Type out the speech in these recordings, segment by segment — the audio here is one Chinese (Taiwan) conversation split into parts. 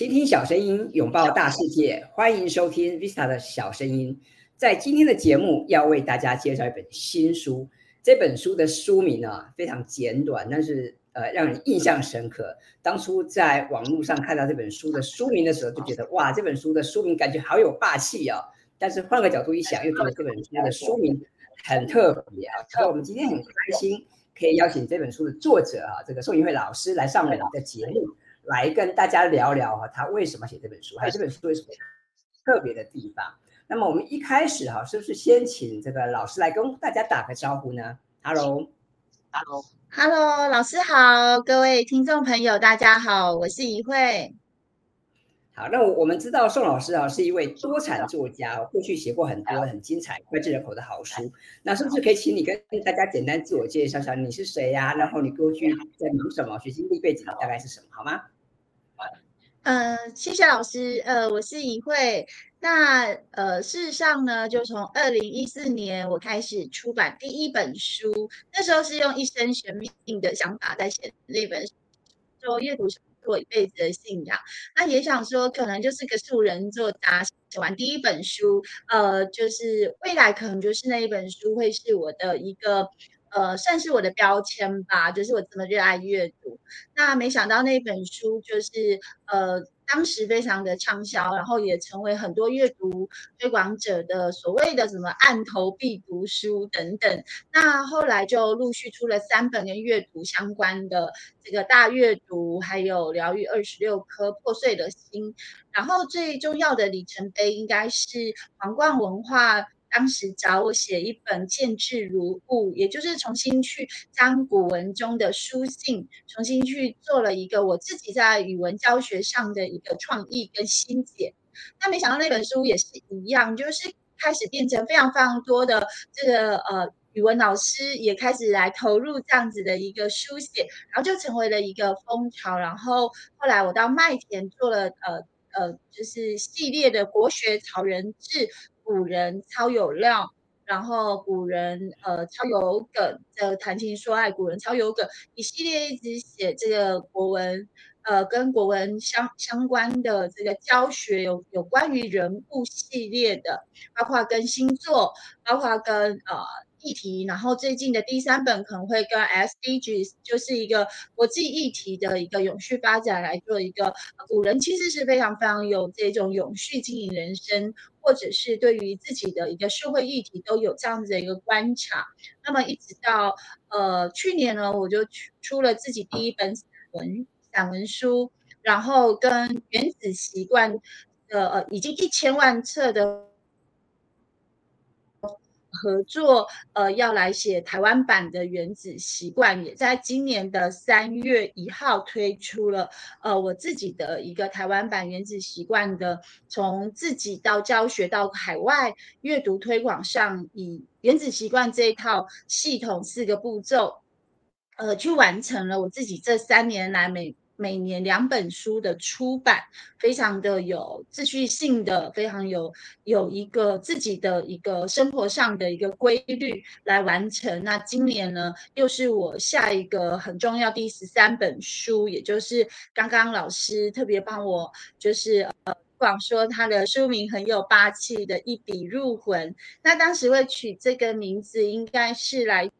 傾聽小聲音，擁抱大世界。歡迎收聽 Vista 的小聲音。在今天的節目，要為大家介紹一本新書。這本書的書名呢、啊，非常簡短，但是呃，讓人印象深刻。當初在網絡上看到這本書的書名的時候，就覺得哇，這本書的書名感覺好有霸氣啊、哦。但是換個角度一想，又覺得這本書的書名很特別啊。所以，我們今天很開心，可以邀請這本書的作者啊，這個宋怡慧老師來上我們的節目。來跟大家聊聊哈，他為什麼寫這本書，還有這本書為什麼特別的地方。那麼我們一開始哈、啊，是不是先請這個老師來跟大家打個招呼呢？Hello。Hello，Hello，老師好，各位聽眾朋友大家好，我是怡慧。好，那我們知道宋老師啊是一位多產作家，過去寫過很多很精彩膾炙人口的好書。那是不是可以請你跟大家簡單自我介紹一下，你是誰呀、啊？然後你過去在忙什麼？學歷背景大概是什麼？好嗎？嗯、呃，謝謝老師。呃，我是怡慧。那呃，事實上呢，就從二零一四年我開始出版第一本書，那時候是用一生懸命的想法在寫那本書，就閱讀是我一輩子的信仰。那也想說，可能就是個素人作家寫完第一本書，呃，就是未來可能就是那一本書會是我的一個。呃，算是我的標籤吧，就是我這麼熱愛閱讀。那沒想到那本書就是呃，當時非常的暢銷，然後也成為很多閱讀推廣者的所謂的什麼案頭必讀書等等。那後來就陸續出了三本跟閱讀相關的，這個大閱讀，還有療癒二十六顆破碎的心。然後最重要的里程碑應該是皇冠文化，當時找我寫一本《見字如晤》，也就是重新去將古文中的書信重新去做了一個我自己在語文教學上的一個創意跟新解。那沒想到那本書也是一樣，就是開始變成非常非常多的這個呃語文老師也開始來投入這樣子的一個書寫，然後就成為了一個風潮。然後後來我到麥田做了呃呃，就是系列的國學潮人誌。古人超有料，然後古人呃超有梗的談情說愛，古人超有梗，一系列一直寫這個國文，呃跟國文相相關的這個教學有有關於人物系列的，包括跟星座，包括跟呃。議題，然後最近的第三本可能會跟 SDGs，就是一個國際議題的一個永續發展來做一個。古人其實是非常非常有這種永續經營人生，或者是對於自己的一個社會議題都有這樣子的一個觀察。那麼一直到呃去年呢，我就出了自己第一本散文散文書，然後跟原子習慣的，呃呃，已經一千萬冊的。合作，呃，要來寫台灣版的原子習慣，也在今年的三月一號推出了，呃，我自己的一個台灣版原子習慣的，從自己到教學到海外閱讀推廣上，以原子習慣這一套系統四個步驟，呃，去完成了我自己這三年來每。每年兩本書的出版，非常的有秩序性的，非常有有一個自己的一個生活上的一個規律來完成。那今年呢，又是我下一個很重要第十三本書，也就是剛剛老師特別幫我，就是呃，講說，他的書名很有霸氣的“一筆入魂”。那當時會取這個名字，應該是來。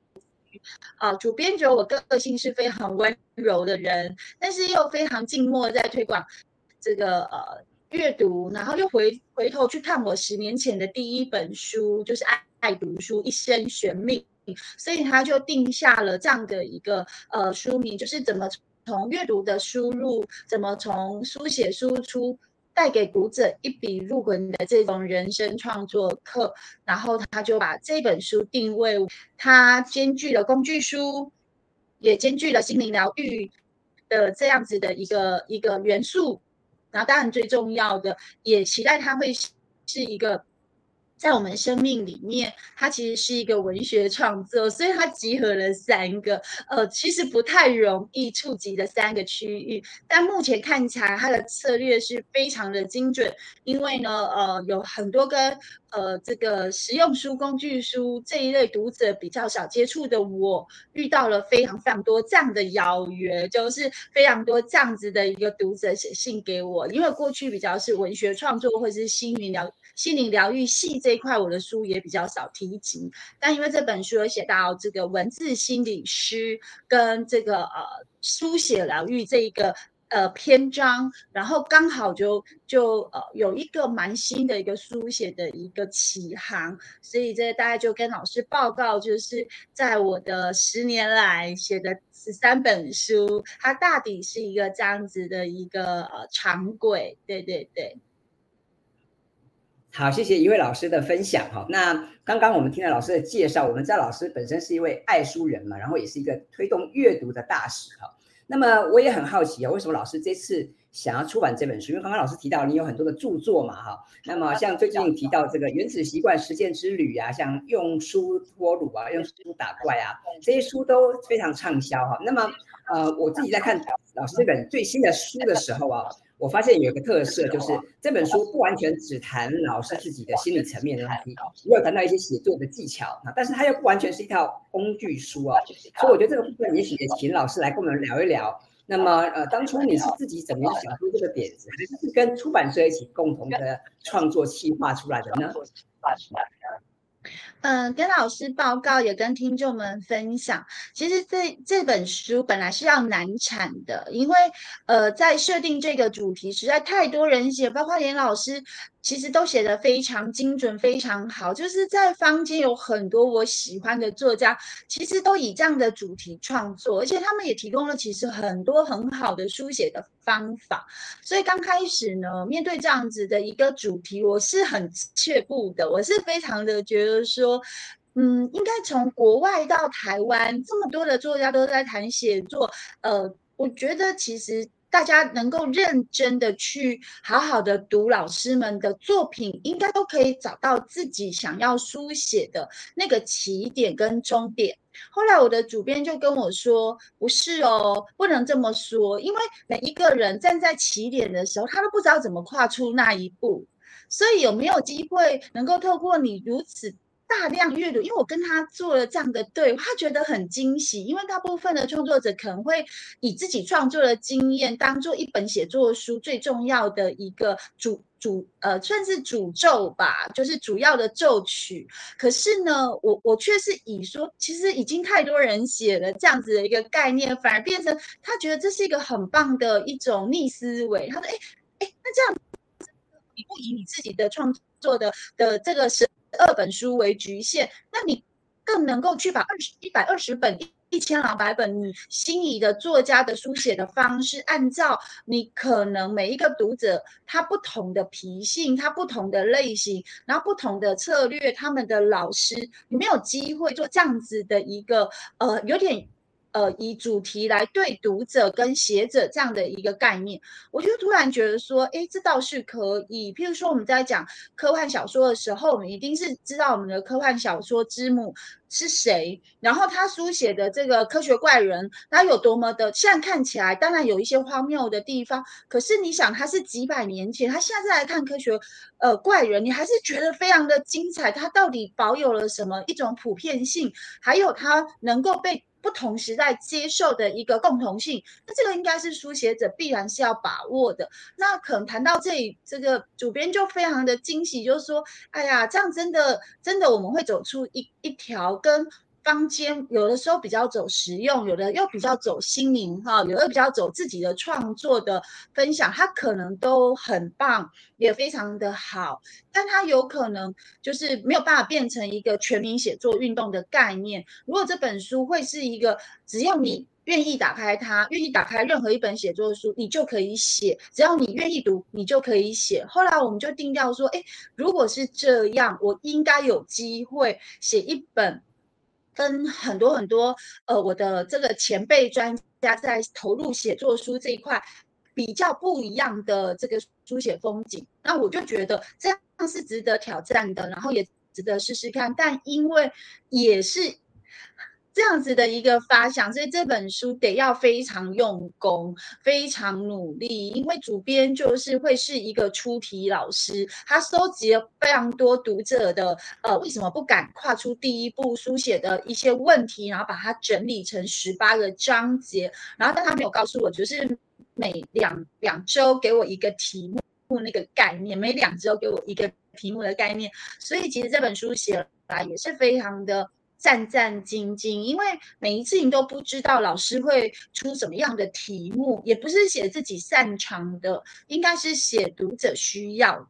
呃，主編覺得我個性是非常溫柔的人，但是又非常靜默，在推廣這個呃閱讀，然後又回回頭去看我十年前的第一本書，就是愛愛讀書，一生懸命，所以他就定下了這樣的一個呃書名，就是怎麼從，從閱讀的輸入，怎麼從書寫輸出。帶給讀者一筆入魂的這種人生創作課，然後他就把這本書定位，它兼具了工具書，也兼具了心靈療癒的這樣子的一個一個元素，然後當然最重要的，也期待他會是是一個。在我們生命裡面，它其實是一個文學創作，所以它集合了三個，呃，其實不太容易觸及的三個區域。但目前看起來，它的策略是非常的精準，因為呢，呃，有很多跟呃這個實用書、工具書這一類讀者比較少接觸的我，我遇到了非常非常多這樣的邀約，就是非常多這樣子的一個讀者寫信給我，因為過去比較是文學創作或者是心靈療心靈療癒系。這一塊，我的書也比較少提及，但因為這本書有寫到這個文字心理師跟這個呃書寫療癒這一個呃篇章，然後剛好就就呃有一個蠻新的一個書寫的一個啟航，所以這大家就跟老師報告，就是在我的十年來寫的十三本書，它大抵是一個這樣子的一個呃常軌，對對對。好，謝謝怡慧老師的分享哈。那剛剛我們聽了老師的介紹，我們知道老師本身是一位愛書人嘛，然後也是一個推動閱讀的大使。哈。那麼我也很好奇啊，為什麼老師這次想要出版這本書？因為剛剛老師提到你有很多的著作嘛哈。那麼像最近提到這個《原子習慣實踐之旅》啊，像《用書脫魯》啊，用書打怪啊，這些書都非常暢銷哈。那麼呃，我自己在看老師這本最新的書的時候啊。我發現有一個特色，就是這本書不完全只談老師自己的心理層面的問題，沒有談到一些寫作的技巧，但是它又不完全是一套工具書啊，所以我覺得這個部分也許也請老師來跟我們聊一聊。那麼，呃，當初你是自己怎麼想出這個點子，還是跟出版社一起共同的創作企劃出來的呢？嗯、呃，跟老師報告，也跟聽眾們分享。其實這這本書本來是要難產的，因為呃，在設定這個主題，實在太多人寫，包括連老師。其實都寫得非常精準，非常好。就是在坊間有很多我喜歡的作家，其實都以這樣的主題創作，而且他們也提供了其實很多很好的書寫的方法。所以剛開始呢，面對這樣子的一個主題，我是很怯步的。我是非常的覺得說，嗯，應該從國外到台灣，這麼多的作家都在談寫作，呃，我覺得其實。大家能夠認真的去好好的讀老師們的作品，應該都可以找到自己想要書寫的那個起點跟終點。後來我的主編就跟我說：“不是哦，不能這麼說，因為每一個人站在起點的時候，他都不知道怎麼跨出那一步。所以有沒有機會能夠透過你如此？”大量閱讀，因為我跟他做了這樣的對話，他覺得很驚喜。因為大部分的創作者可能會以自己創作的經驗當做一本寫作書最重要的一個主主呃，算是主軸吧，就是主要的咒曲。可是呢，我我卻是以說，其實已經太多人寫了這樣子的一個概念，反而變成他覺得這是一個很棒的一種逆思維。他說，哎、欸、哎、欸，那這樣你不以你自己的創作的的這個神。二本書為局限，那你更能夠去把二十、一百二十本、一千兩百本你心儀的作家的書寫的方式，按照你可能每一個讀者他不同的脾性、他不同的類型，然後不同的策略，他們的老師，你沒有機會做這樣子的一個呃，有點。呃，以主題來對讀者跟寫者這樣的一個概念，我就突然覺得說，誒，這倒是可以。譬如說，我們在講科幻小說的時候，我們一定是知道我們的科幻小說之母是誰，然後他書寫的這個科學怪人，他有多麼的，現在看起來當然有一些荒謬的地方，可是你想，他是幾百年前，他現在再來看科學，呃，怪人，你還是覺得非常的精彩。他到底保有了什麼一種普遍性，還有他能夠被。不同時代接受的一個共同性，那這個應該是書寫者必然是要把握的。那可能談到這裡，這個主編就非常的驚喜，就是說，哎呀，這樣真的，真的我們會走出一一條跟。坊間有的時候比較走實用，有的又比較走心靈哈，有的比較走自己的創作的分享，它可能都很棒，也非常的好，但它有可能就是沒有辦法變成一個全民寫作運動的概念。如果這本書會是一個，只要你願意打開它，願意打開任何一本寫作的書，你就可以寫；只要你願意讀，你就可以寫。後來我們就定調說，哎、欸，如果是這樣，我應該有機會寫一本。跟很多很多，呃，我的這個前輩專家在投入寫作書這一塊比較不一樣的這個書寫風景，那我就覺得這樣是值得挑戰的，然後也值得試試看。但因為也是。這樣子的一個發想，所以這本書得要非常用功，非常努力，因為主編就是會是一個出題老師，他收集了非常多讀者的，呃，為什麼不敢跨出第一步書寫的一些問題，然後把它整理成十八個章節，然後但他沒有告訴我，就是每兩兩周給我一個題目，那個概念，每兩周給我一個題目的概念，所以其實這本書寫來也是非常的。戰戰兢兢，因為每一次你都不知道老師會出什麼樣的題目，也不是寫自己擅長的，應該是寫讀者需要的，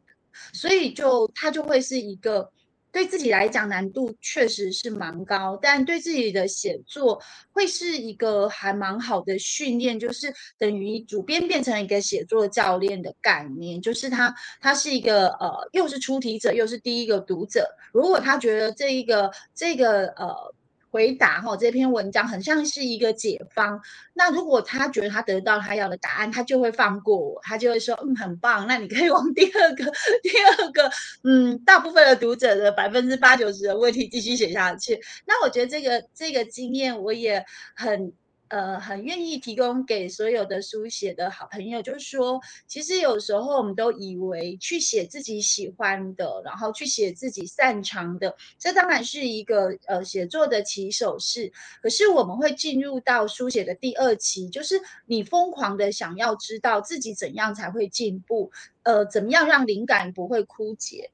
所以就他就會是一個。對自己來講難度確實是蠻高，但對自己的寫作會是一個還蠻好的訓練，就是等於主編變成了一個寫作教練的概念，就是他他是一個呃，又是出題者，又是第一個讀者。如果他覺得這一個這個呃。回答哈、哦，這篇文章很像是一個解方。那如果他覺得他得到他要的答案，他就會放過我，他就會說，嗯，很棒。那你可以往第二個、第二個，嗯，大部分的讀者的百分之八九十的問題繼續寫下去。那我覺得這個這個經驗我也很。呃，很願意提供給所有的書寫的好朋友，就是說，其實有時候我們都以為去寫自己喜歡的，然後去寫自己擅長的，這當然是一個呃寫作的起手式。可是我們會進入到書寫的第二期，就是你瘋狂的想要知道自己怎樣才會進步，呃，怎麼樣讓靈感不會枯竭。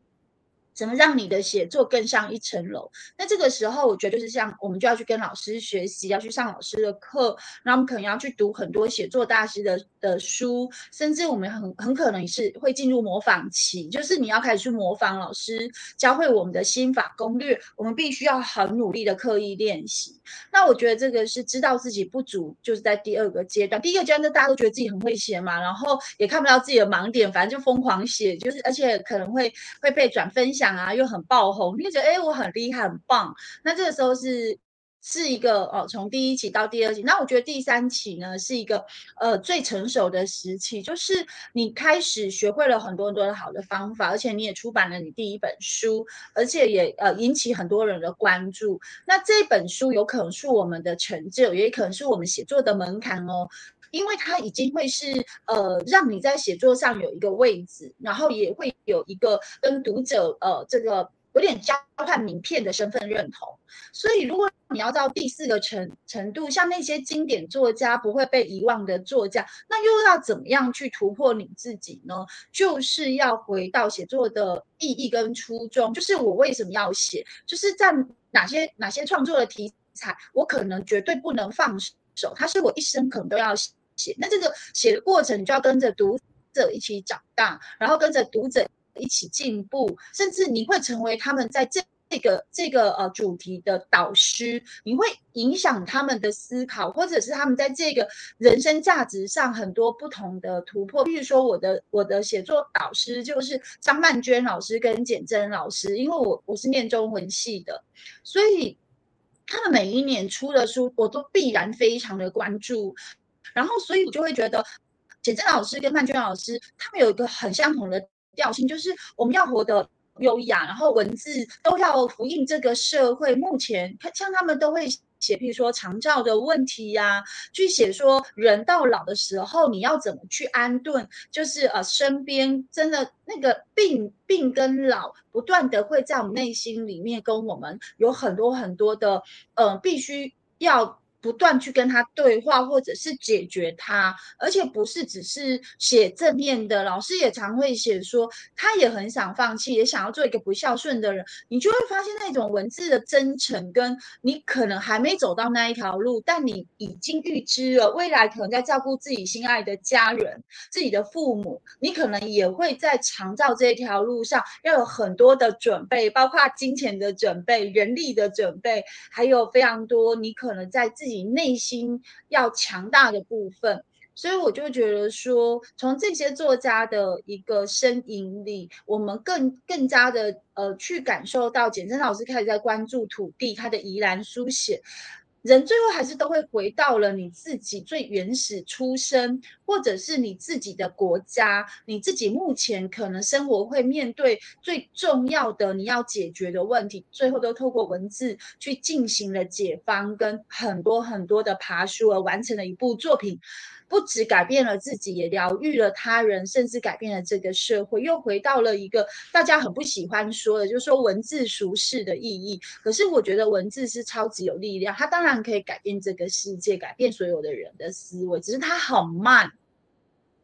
怎麼讓你的寫作更上一層樓？那這個時候，我覺得就是像我們就要去跟老師學習，要去上老師的課，那我們可能要去讀很多寫作大師的的書，甚至我們很很可能是會進入模仿期，就是你要開始去模仿老師，教會我們的心法攻略，我們必須要很努力的刻意練習。那我覺得這個是知道自己不足，就是在第二個階段。第一個階段大家都覺得自己很會寫嘛，然後也看不到自己的盲點，反正就瘋狂寫，就是，而且可能會會被轉分享。啊，又很爆紅，你覺得，欸，我很厲害，很棒。那這個時候是是一個哦，從第一期到第二期。那我覺得第三期呢是一個呃最成熟的時期，就是你開始學會了很多很多的好的方法，而且你也出版了你第一本書，而且也呃引起很多人的關注。那這本書有可能是我們的成就，也可能是我們寫作的門檻哦。因為它已經會是呃，讓你在寫作上有一個位置，然後也會有一個跟讀者呃，這個有點交換名片的身份認同。所以，如果你要到第四個程程度，像那些經典作家不會被遺忘的作家，那又要怎麼樣去突破你自己呢？就是要回到寫作的意義跟初衷，就是我為什麼要寫，就是在哪些哪些創作的題材，我可能絕對不能放手。手，他是我一生可能都要寫。那這個寫的過程，你就要跟着讀者一起長大，然後跟着讀者一起進步，甚至你會成為他們在這個這個呃主題的導師，你會影響他們的思考，或者是他們在這個人生價值上很多不同的突破。比如說，我的我的寫作導師就是張曼娟老師跟簡媜老師，因為我我是念中文系的，所以。他們每一年出的書，我都必然非常的關注，然後所以，我就會覺得，簡媜老師跟曼娟老師，他們有一個很相同的調性，就是我們要活得優雅，然後文字都要呼應這個社會目前，像他們都會。寫，比如說長照的問題呀、啊，去寫說人到老的時候，你要怎麼去安頓，就是呃，身邊真的那個病病跟老不斷的會在我們內心裡面跟我們有很多很多的，呃必須要。不斷去跟他對話，或者是解決他，而且不是只是寫正面的。老師也常會寫說，他也很想放棄，也想要做一個不孝順的人。你就會發現那種文字的真誠，跟你可能還沒走到那一條路，但你已經預知了未來可能在照顧自己心愛的家人、自己的父母，你可能也會在長照這一條路上要有很多的準備，包括金錢的準備、人力的準備，還有非常多你可能在自己。你內心要強大的部分，所以我就覺得說，從這些作家的一個身影裡，我們更更加的呃，去感受到簡媜老師開始在關注土地，他的宜蘭書寫。人最後還是都會回到了你自己最原始出生，或者是你自己的國家，你自己目前可能生活會面對最重要的你要解決的問題，最後都透過文字去進行了解方，跟很多很多的爬梳而完成了一部作品。不只改變了自己，也療癒了他人，甚至改變了這個社會，又回到了一個大家很不喜歡說的，就是說文字俗世的意義。可是我覺得文字是超級有力量，它當然可以改變這個世界，改變所有的人的思維，只是它很慢，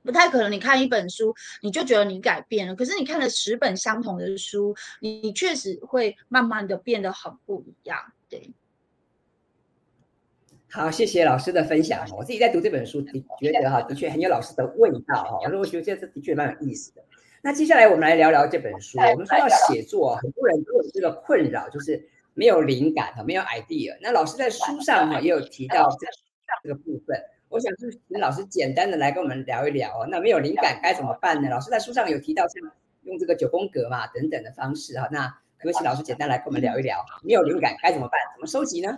不太可能你看一本書你就覺得你改變了。可是你看了十本相同的書，你確實會慢慢的變得很不一樣，對。好，謝謝老師的分享。我自己在讀這本書，覺得哈的確很有老師的味道哈。我覺得這的確蠻有意思的。那接下來我們來聊聊這本書。我們說到寫作，很多人都有這個困擾，就是沒有靈感，沒有 idea。那老師在書上哈也有提到這個部分，我想是請老師簡單的來跟我們聊一聊。那沒有靈感該怎麼辦呢？老師在書上有提到，像用這個九宮格嘛等等的方式哈。那可請老師簡單來跟我們聊一聊，沒有靈感該怎麼辦？怎麼收集呢？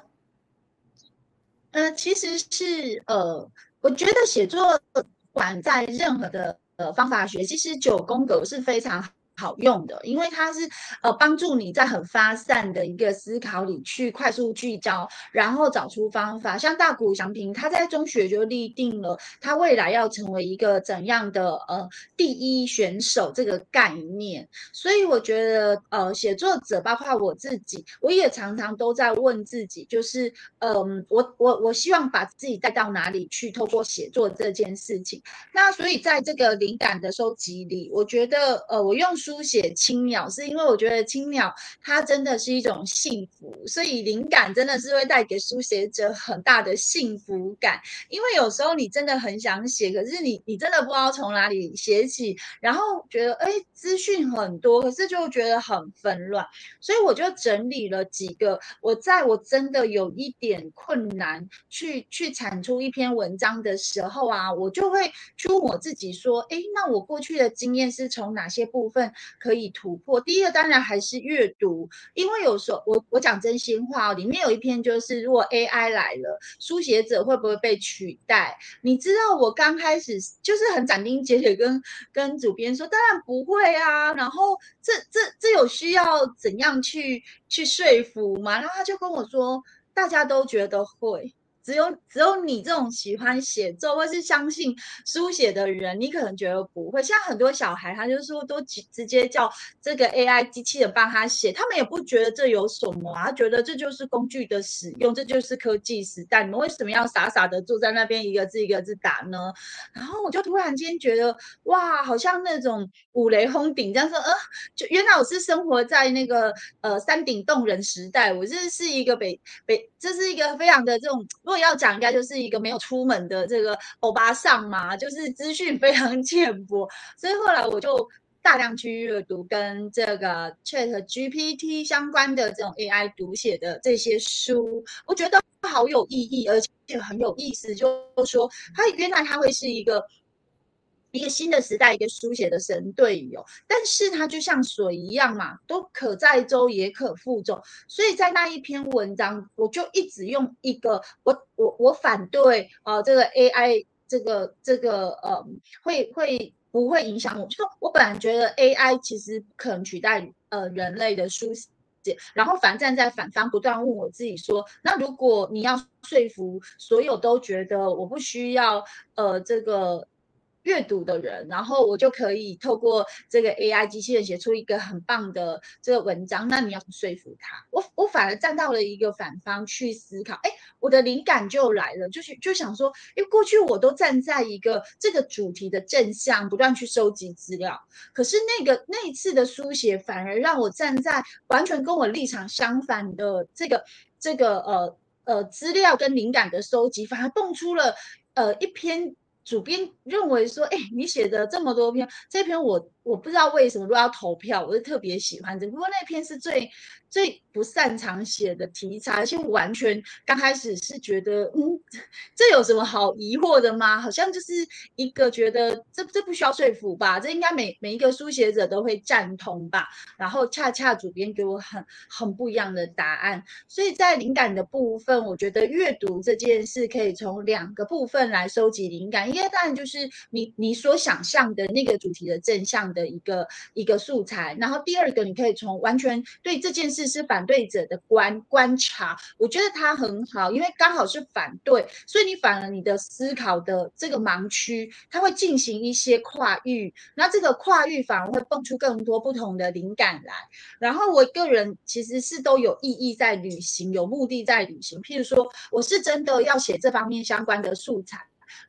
嗯、呃，其實是呃，我覺得寫作不管在任何的呃方法學，其實九宮格是非常好用的，因為它是呃幫助你在很發散的一個思考裡去快速聚焦，然後找出方法。像大谷翔平，他在中學就立定了他未來要成為一個怎樣的呃第一選手這個概念。所以我覺得呃，寫作者包括我自己，我也常常都在問自己，就是嗯、呃、我我我希望把自己帶到哪裡去，透過寫作這件事情。那所以在這個靈感的收集裡，我覺得呃，我用。書寫青鳥是因為我覺得青鳥它真的是一種幸福，所以靈感真的是會帶給書寫者很大的幸福感。因為有時候你真的很想寫，可是你你真的不知道從哪裡寫起，然後覺得，哎，資訊很多，可是就覺得很紛亂，所以我就整理了幾個。我在我真的有一點困難去去產出一篇文章的時候啊，我就會去問我自己說，哎，那我過去的經驗是從哪些部分，可以突破。第一個當然還是閱讀，因為有時候我我講真心話哦，裡面有一篇就是如果 AI 來了，書寫者會不會被取代？你知道我剛開始就是很斬釘截鐵跟跟主編說，當然不會啊。然後這這這有需要怎樣去去說服嗎？然後他就跟我說，大家都覺得會。只有只有你這種喜歡寫作或是相信書寫的人，你可能覺得不會。現在很多小孩，他就說都直直接叫這個 AI 機器人幫他寫，他們也不覺得這有什麼，啊，他覺得這就是工具的使用，這就是科技時代。你們為什麼要傻傻的坐在那邊一個字一個字打呢？然後我就突然間覺得，哇，好像那種五雷轟頂，這樣說，呃，就原來我是生活在那個呃山頂洞人時代，我這是一個北北，這是一個非常的這種。我要講應該就是一個沒有出門的這個歐巴桑嘛，就是資訊非常淺薄，所以後來我就大量去閱讀跟這個 Chat GPT 相關的這種 AI 讀寫的這些書，我覺得好有意義，而且很有意思。就是說他原來他會是一個。一個新的時代，一個書寫的神隊友，但是它就像水一樣嘛，都可載舟也可覆舟。所以在那一篇文章，我就一直用一個我我我反對呃這個 AI 這個這個呃會會不會影響我？就我本來覺得 AI 其實可能取代呃人類的書寫，然後反站在反方不斷問我自己說，那如果你要說服所有都覺得我不需要呃這個。閱讀的人，然後我就可以透過這個 AI 機器人寫出一個很棒的這個文章。那你要說服他，我我反而站到了一個反方去思考，哎、欸，我的靈感就來了，就是就想說，因為過去我都站在一個這個主題的正向，不斷去收集資料。可是那個那一次的書寫，反而讓我站在完全跟我立場相反的這個這個呃呃資料跟靈感的收集，反而蹦出了呃一篇。主編認為說：“哎，你寫的這麼多篇，這篇我。”我不知道為什麼都要投票，我就特別喜歡、這個。只不過那篇是最最不擅長寫的題材，而且我完全剛開始是覺得，嗯，這有什麼好疑惑的嗎？好像就是一個覺得這這不需要說服吧，這應該每每一個書寫者都會贊同吧。然後恰恰主編給我很很不一樣的答案，所以在靈感的部分，我覺得閱讀這件事可以從兩個部分來收集靈感，一個當然就是你你所想象的那個主題的正向。的一個一個素材，然後第二個，你可以從完全對這件事是反對者的觀觀察，我覺得它很好，因為剛好是反對，所以你反而你的思考的這個盲區，它會進行一些跨域，那這個跨域反而會蹦出更多不同的靈感來。然後我個人其實是都有意義在旅行，有目的在旅行。譬如說，我是真的要寫這方面相關的素材，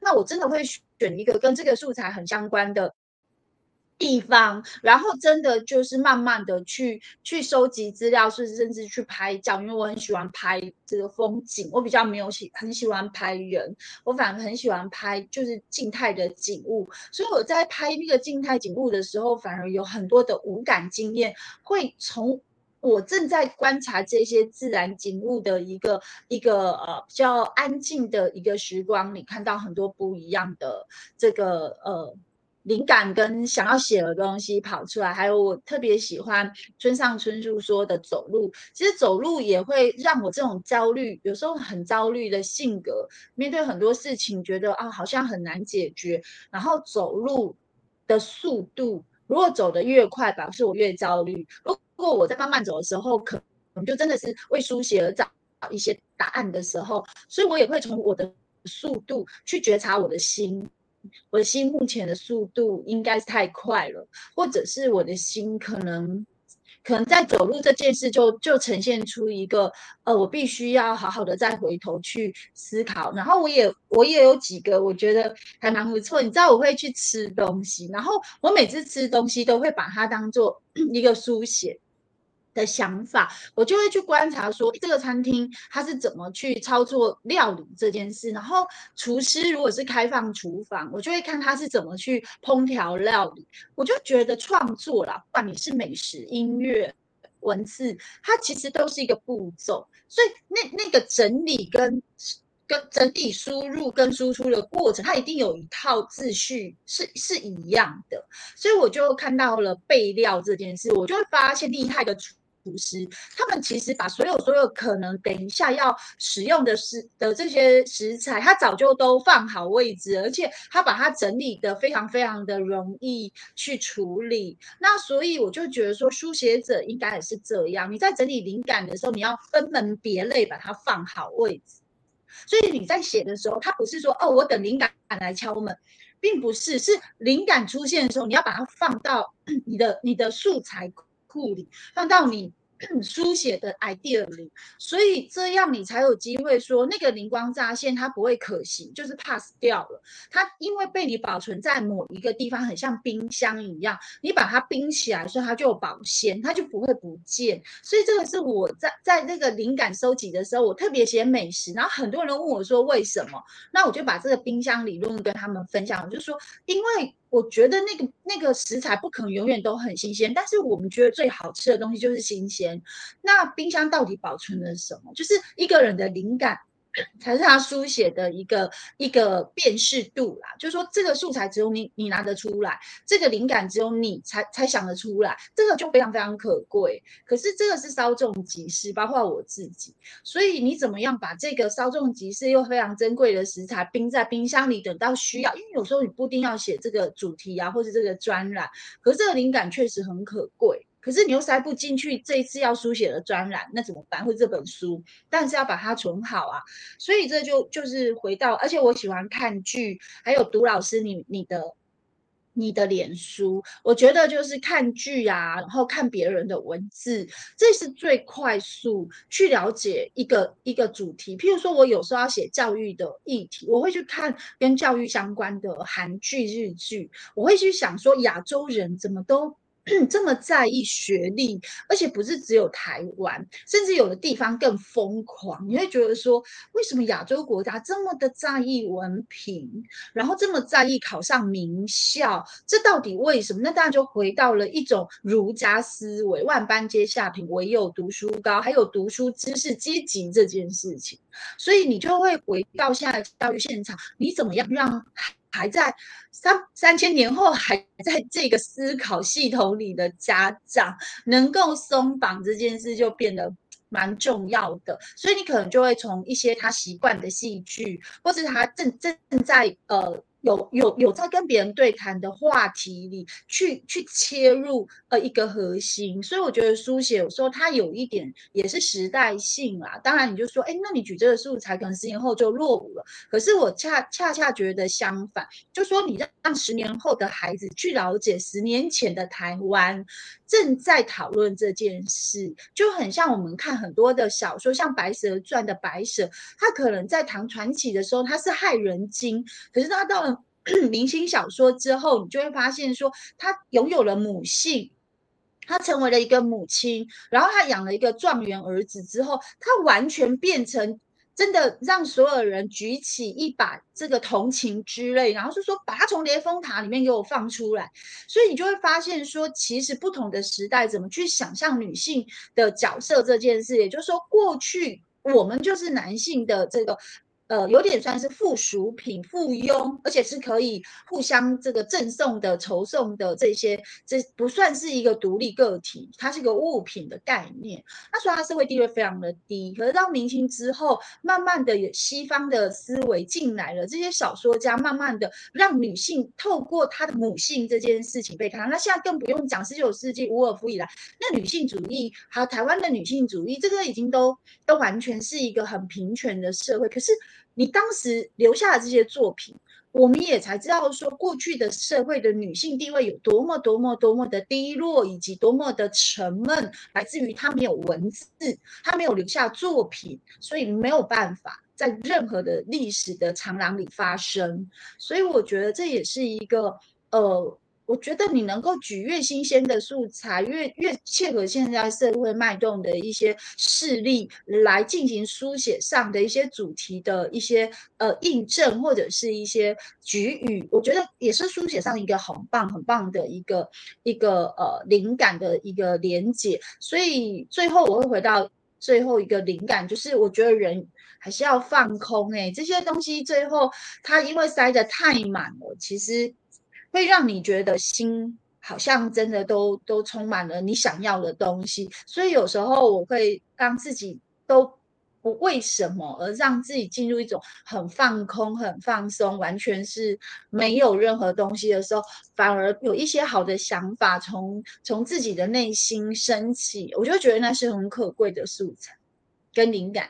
那我真的會選一個跟這個素材很相關的。地方，然後真的就是慢慢的去去收集資料，甚至甚至去拍照，因為我很喜歡拍這個風景，我比較沒有喜，很喜歡拍人，我反而很喜歡拍就是靜態的景物，所以我在拍那個靜態景物的時候，反而有很多的五感經驗，會從我正在觀察這些自然景物的一個一個呃比較安靜的一個時光裡，看到很多不一樣的這個呃。靈感跟想要寫的東西跑出來，還有我特別喜歡村上春樹說的走路。其實走路也會讓我這種焦慮，有時候很焦慮的性格，面對很多事情覺得啊、哦，好像很難解決。然後走路的速度，如果走得越快，表示我越焦慮；如果我在慢慢走的時候，可能就真的是為書寫而找一些答案的時候。所以我也會從我的速度去覺察我的心。我的心目前的速度應該是太快了，或者是我的心可能可能在走路這件事就就呈現出一個呃，我必須要好好的再回頭去思考。然後我也我也有幾個我覺得還蠻不錯，你知道我會去吃東西，然後我每次吃東西都會把它當做一個書寫的想法，我就會去觀察說這個餐廳它是怎麼去操作料理這件事。然後廚師如果是開放廚房，我就會看他是怎麼去烹調料理。我就覺得創作啦，不管你是美食、音樂、文字，它其實都是一個步驟。所以那那個整理跟跟整理輸入跟輸出的過程，它一定有一套秩序是是一樣的。所以我就看到了備料這件事，我就會發現厲害的廚。廚師，他們其實把所有所有可能等一下要使用的食的這些食材，他早就都放好位置，而且他把它整理得非常非常的容易去處理。那所以我就覺得說，書寫者應該也是這樣。你在整理靈感的時候，你要分門別類把它放好位置。所以你在寫的時候，他不是說哦，我等靈感來敲門，並不是，是靈感出現的時候，你要把它放到你的你的素材庫，護理放到你書寫的 idea 裡，所以這樣你才有機會說那個靈光乍現，它不會可行，就是 pass 掉了。它因為被你保存在某一個地方，很像冰箱一樣，你把它冰起來，所以它就有保鮮，它就不會不見。所以這個是我在在那個靈感收集的時候，我特別寫美食，然後很多人問我說為什麼，那我就把這個冰箱理論跟他們分享，我就說因為。我覺得那個那個食材不可能永遠都很新鮮，但是我們覺得最好吃的東西就是新鮮。那冰箱到底保存了什麼？就是一個人的靈感。才是他書寫的一個一個辨識度啦，就是說這個素材只有你你拿得出來，這個靈感只有你才才想得出來，這個就非常非常可貴。可是這個是稍縱即逝，包括我自己，所以你怎麼樣把這個稍縱即逝又非常珍貴的食材冰在冰箱裡，等到需要，因為有時候你不一定要寫這個主題啊，或是這個專欄，可是這個靈感確實很可貴。可是你又塞不進去，這一次要書寫的專欄，那怎麼辦？會這本書，但是要把它存好啊。所以這就就是回到，而且我喜歡看劇，還有讀老師你你的你的臉書，我覺得就是看劇啊，然後看別人的文字，這是最快速去了解一個一個主題。譬如說我有時候要寫教育的議題，我會去看跟教育相關的韓劇、日劇，我會去想說亞洲人怎麼都。這麼在意學歷，而且不是只有台灣，甚至有的地方更瘋狂。你會覺得說，為什麼亞洲國家這麼的在意文憑，然後這麼在意考上名校？這到底為什麼？那大家就回到了一種儒家思維，萬般皆下品，唯有讀書高，還有讀書知識階級這件事情。所以你就會回到現在教育現場，你怎麼樣讓？還在三三千年後，還在這個思考系統裡的家長，能夠鬆綁這件事，就變得蠻重要的。所以你可能就會從一些他習慣的戲劇，或是他正正在呃。有有有在跟別人對談的話題裡去去切入呃一個核心，所以我覺得書寫有時候它有一點也是時代性啦。當然你就說，哎，那你舉這個素材可能十年後就落伍了。可是我恰恰恰覺得相反，就說你讓讓十年後的孩子去了解十年前的台灣正在討論這件事，就很像我們看很多的小說，像《白蛇傳》的白蛇，它可能在唐傳奇的時候它是害人精，可是它到了。 明星小說之後，你就會發現說，他擁有了母性，他成為了一個母親，然後他養了一個狀元兒子之後，他完全變成真的讓所有人舉起一把這個同情之淚，然後就說把他從雷峰塔裡面給我放出來。所以你就會發現說，其實不同的時代怎麼去想象女性的角色這件事，也就是說，過去我們就是男性的這個。呃，有點算是附屬品、附庸，而且是可以互相這個贈送的、籌送的這些，這不算是一個獨立個體，它是一個物品的概念。那所以它社會地位非常的低，可是到明清之後，慢慢的有西方的思維進來了，這些小說家慢慢的讓女性透過她的母性這件事情被看。那現在更不用講十九世紀吳爾芙以來，那女性主義，還有台灣的女性主義，這個已經都都完全是一個很平權的社會，可是。你當時留下的這些作品，我們也才知道說，過去的社會的女性地位有多麼多麼多麼的低落，以及多麼的沉悶。來自於她沒有文字，她沒有留下作品，所以沒有辦法在任何的歷史的長廊裡發聲。所以我覺得這也是一個呃。我覺得你能夠舉越新鮮的素材，越越切合現在社會脈動的一些事例來進行書寫上的一些主題的一些呃印證，或者是一些舉語，我覺得也是書寫上一個很棒很棒的一個一個呃靈感的一個連結。所以最後我會回到最後一個靈感，就是我覺得人還是要放空哎、欸，這些東西最後它因為塞得太滿了，其實。會讓你覺得心好像真的都都充滿了你想要的東西，所以有時候我會讓自己都不為什麼，而讓自己進入一種很放空、很放鬆，完全是沒有任何東西的時候，反而有一些好的想法從從自己的內心升起，我就覺得那是很可貴的素材跟靈感。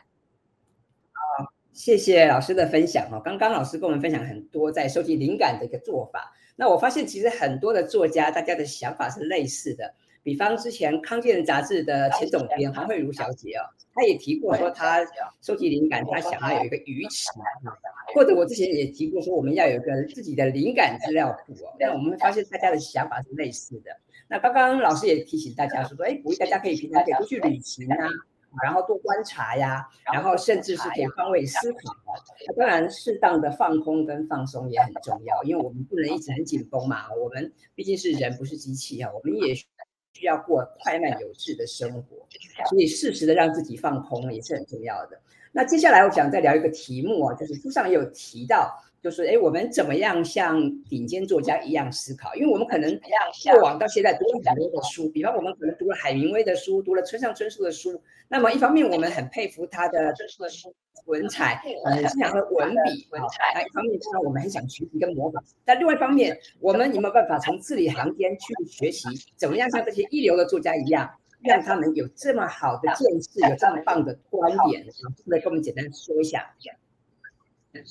好，謝謝老師的分享哦。剛剛老師跟我們分享很多在收集靈感的一個做法。那我發現其實很多的作家，大家的想法是類似的。比方之前《康健》雜誌的前總編黃慧如小姐哦，她也提過說，她收集靈感，她想要有一個魚池，或者我之前也提過說，我們要有一個自己的靈感資料庫哦。那我們發現大家的想法是類似的。那剛剛老師也提醒大家說，說，說、欸、哎，鼓勵大家可以平常可以多去旅行啊。然後多觀察呀，然後甚至是全方位思考的。當然，適當的放空跟放鬆也很重要，因為我們不能一直很緊繃嘛。我們畢竟是人，不是機器啊。我們也需要過快慢有致的生活，所以適時的讓自己放空也是很重要的。那接下來我想再聊一個題目啊，就是書上也有提到。就是誒，我們怎麼樣像頂尖作家一樣思考？因為我們可能過往到現在讀了很多的書，比方我們可能讀了海明威的書，讀了村上春樹的書。那麼一方面我們很佩服他的文采，呃、嗯，這樣的文筆、文采。那、啊、一方面當然我們很想學習跟模仿。但另外一方面，我們有沒有辦法從字裡行間去學習，怎麼樣像這些一流的作家一樣，讓他們有這麼好的見識，有這麼棒的觀點？來跟我們簡單說一下。嗯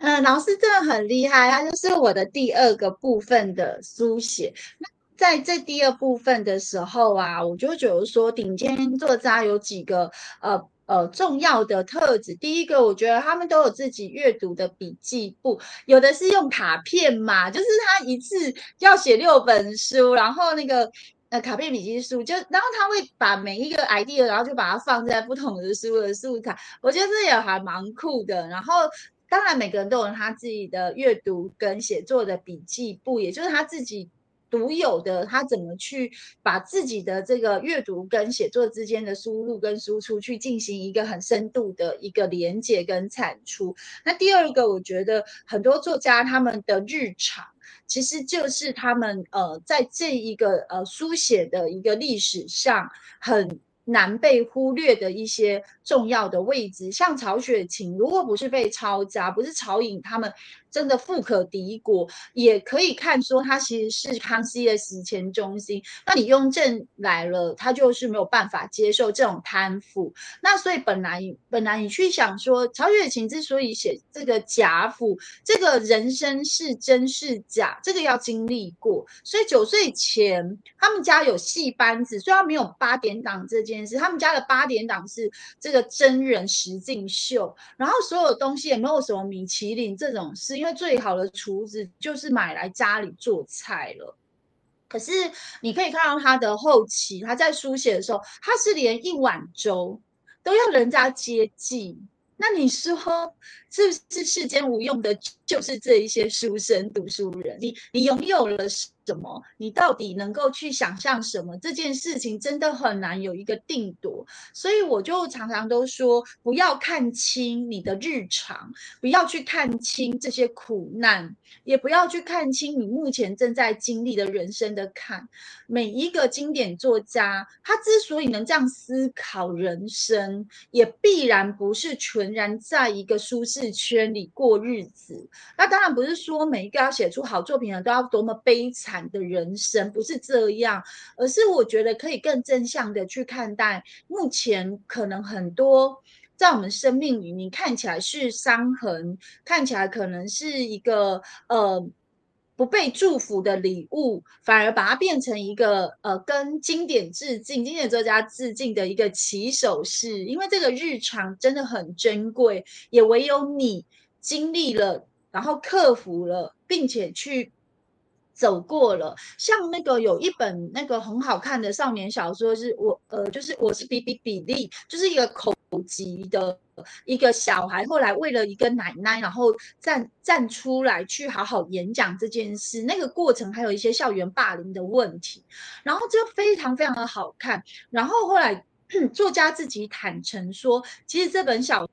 嗯，老師真的很厲害。他就是我的第二個部分的書寫。那在這第二部分的時候啊，我就覺得說，頂尖作家有幾個呃呃重要的特質。第一個，我覺得他們都有自己閱讀的筆記簿，有的是用卡片嘛，就是他一次要寫六本書，然後那個呃卡片筆記書，就然後他會把每一個 idea，然後就把它放在不同的書的素材。我覺得這也還蠻酷的。然後。當然，每個人都有他自己的閱讀跟寫作的筆記簿，也就是他自己獨有的，他怎麼去把自己的這個閱讀跟寫作之間的輸入跟輸出去進行一個很深度的一個連接跟產出。那第二個，我覺得很多作家他們的日常，其實就是他們呃在這一個呃書寫的一個歷史上很難被忽略的一些，重要的位置，像曹雪芹，如果不是被抄家，不是曹寅他們真的富可敵國，也可以看說他其實是康熙的洗錢中心。那你雍正來了，他就是沒有辦法接受這種貪腐。那所以本來本來你去想說，曹雪芹之所以寫這個賈府，這個人生是真是假，這個要經歷過。所以九歲前，他們家有戲班子，雖然沒有八點檔這件事，他們家的八點檔是這個。真人實境秀，然後所有東西也沒有什麼米其林這種事，因為最好的廚子就是買來家裡做菜了。可是你可以看到他的後期，他在書寫的時候，他是連一碗粥都要人家接濟。那你說，是不是世間無用的，就是這一些書生讀書人你？你你擁有了什麼？你到底能夠去想象什麼？這件事情真的很難有一個定奪。所以我就常常都說，不要看輕你的日常，不要去看輕這些苦難，也不要去看清你目前正在經歷的人生的坎。每一個經典作家，他之所以能這樣思考人生，也必然不是全然在一個舒適。圈裡過日子，那當然不是說每一個要寫出好作品的都要多麼悲慘的人生，不是這樣，而是我覺得可以更正向的去看待，目前可能很多在我們生命裡，你看起來是傷痕，看起來可能是一個，呃。不被祝福的禮物，反而把它變成一個呃，跟經典致敬、經典作家致敬的一個起手式。因為這個日常真的很珍貴，也唯有你經歷了，然後克服了，並且去。走過了，像那個有一本那個很好看的少年小說是，是我呃，就是我是比比比利，就是一個口吃的一個小孩，後來為了一個奶奶，然後站站出來去好好演講這件事，那個過程還有一些校園霸凌的問題，然後就非常非常的好看。然後後來作家自己坦誠說，其實這本小說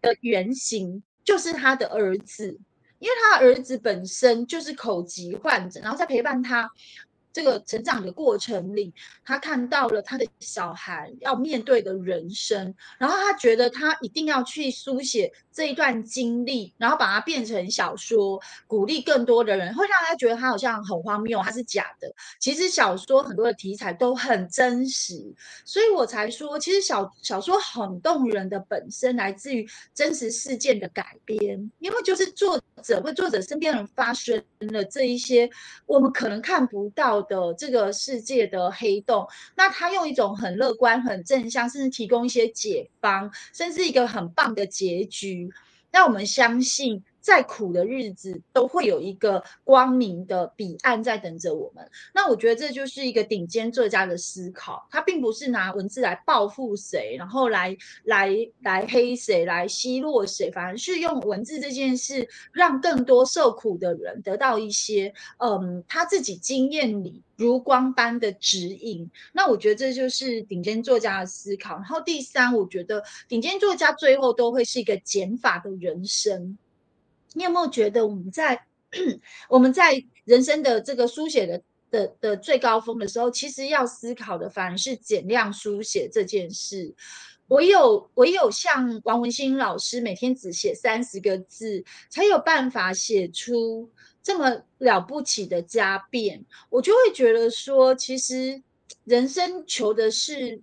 的原型就是他的兒子。因為他兒子本身就是口吃患者，然後在陪伴他這個成長的過程裡，他看到了他的小孩要面對的人生，然後他覺得他一定要去書寫。這一段經歷，然後把它變成小說，鼓勵更多的人，會讓他覺得他好像很荒謬，他是假的。其實小說很多的題材都很真實，所以我才說，其實小小說很動人的本身來自於真實事件的改編，因為就是作者或作者身邊人發生了這一些我們可能看不到的這個世界的黑洞，那他用一種很樂觀、很正向，甚至提供一些解。幫，甚至一個很棒的結局，讓我們相信，再苦的日子都會有一個光明的彼岸在等着我們。那我覺得這就是一個頂尖作家的思考，他並不是拿文字來報復誰，然後來來來黑誰，來奚落誰，反而是用文字這件事，讓更多受苦的人得到一些，嗯，他自己經驗裡如光般的指引。那我覺得這就是頂尖作家的思考。然後第三，我覺得頂尖作家最後都會是一個減法的人生。你有沒有覺得我們在 我們在人生的這個書寫的的的最高峰的時候，其實要思考的反而是減量書寫這件事？唯有唯有像王文興老師每天只寫三十個字，才有辦法寫出這麼了不起的家變。我就會覺得說，其實人生求的是。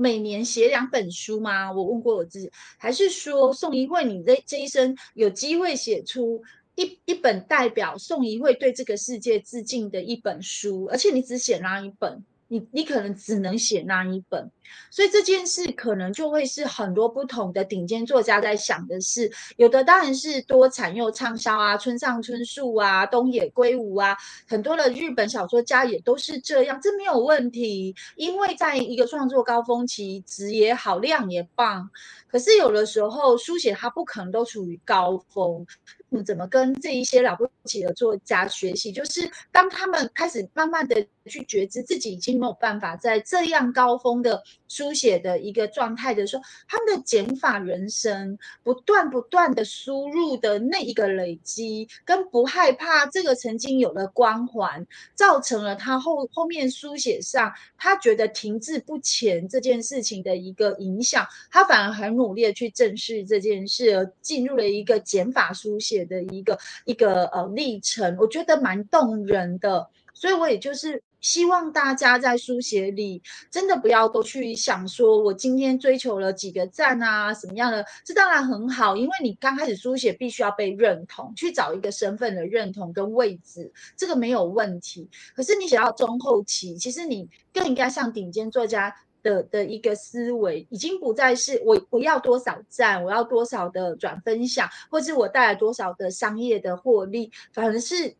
每年寫兩本書嗎？我問過我自己，還是說宋怡慧，你這這一生有機會寫出一一本代表宋怡慧對這個世界致敬的一本書，而且你只寫那一本？你你可能只能寫那一本，所以這件事可能就會是很多不同的頂尖作家在想的事。有的當然是多產又暢銷啊，村上春樹啊，東野圭吾啊，很多的日本小說家也都是這樣，這沒有問題。因為在一個創作高峰期，質也好，量也棒。可是有的時候，書寫它不可能都處於高峰。怎麼跟這一些了不起的作家學習？就是當他們開始慢慢的去覺知自己已經沒有辦法在這樣高峰的書寫的一個狀態的時候，他們的減法人生，不斷不斷的輸入的那一個累積，跟不害怕這個曾經有了光環，造成了他後後面書寫上他覺得停滯不前這件事情的一個影響，他反而很努力的去正視這件事，進入了一個減法書寫。的一個一個呃歷程，我覺得蠻動人的，所以我也就是希望大家在書寫裡真的不要都去想說我今天追求了幾個贊啊什麼樣的，這當然很好，因為你剛開始書寫必須要被認同，去找一個身份的認同跟位置，這個沒有問題。可是你寫到中後期，其實你更應該像頂尖作家。的的一個思維已經不再是我我要多少贊，我要多少的轉分享，或是我帶來多少的商業的獲利，反而是